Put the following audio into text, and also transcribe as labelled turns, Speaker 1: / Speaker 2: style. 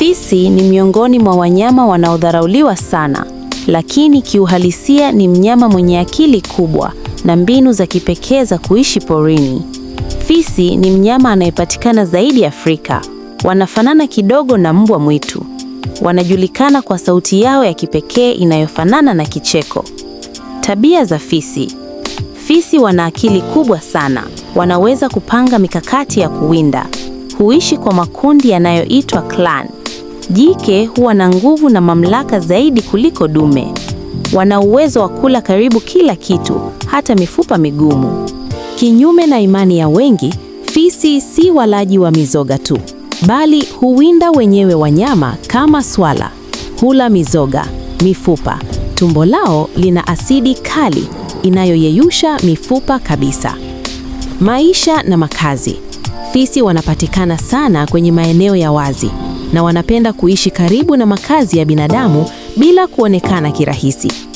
Speaker 1: Fisi ni miongoni mwa wanyama wanaodharauliwa sana, lakini kiuhalisia ni mnyama mwenye akili kubwa na mbinu za kipekee za kuishi porini. Fisi ni mnyama anayepatikana zaidi Afrika. Wanafanana kidogo na mbwa mwitu. Wanajulikana kwa sauti yao ya kipekee inayofanana na kicheko. Tabia za fisi. Fisi wana akili kubwa sana. Wanaweza kupanga mikakati ya kuwinda. Huishi kwa makundi yanayoitwa clan. Jike huwa na nguvu na mamlaka zaidi kuliko dume. Wana uwezo wa kula karibu kila kitu, hata mifupa migumu. Kinyume na imani ya wengi, fisi si walaji wa mizoga tu, bali huwinda wenyewe wanyama kama swala. Hula mizoga, mifupa. Tumbo lao lina asidi kali inayoyeyusha mifupa kabisa. Maisha na makazi. Fisi wanapatikana sana kwenye maeneo ya wazi na wanapenda kuishi karibu na makazi ya binadamu bila kuonekana kirahisi.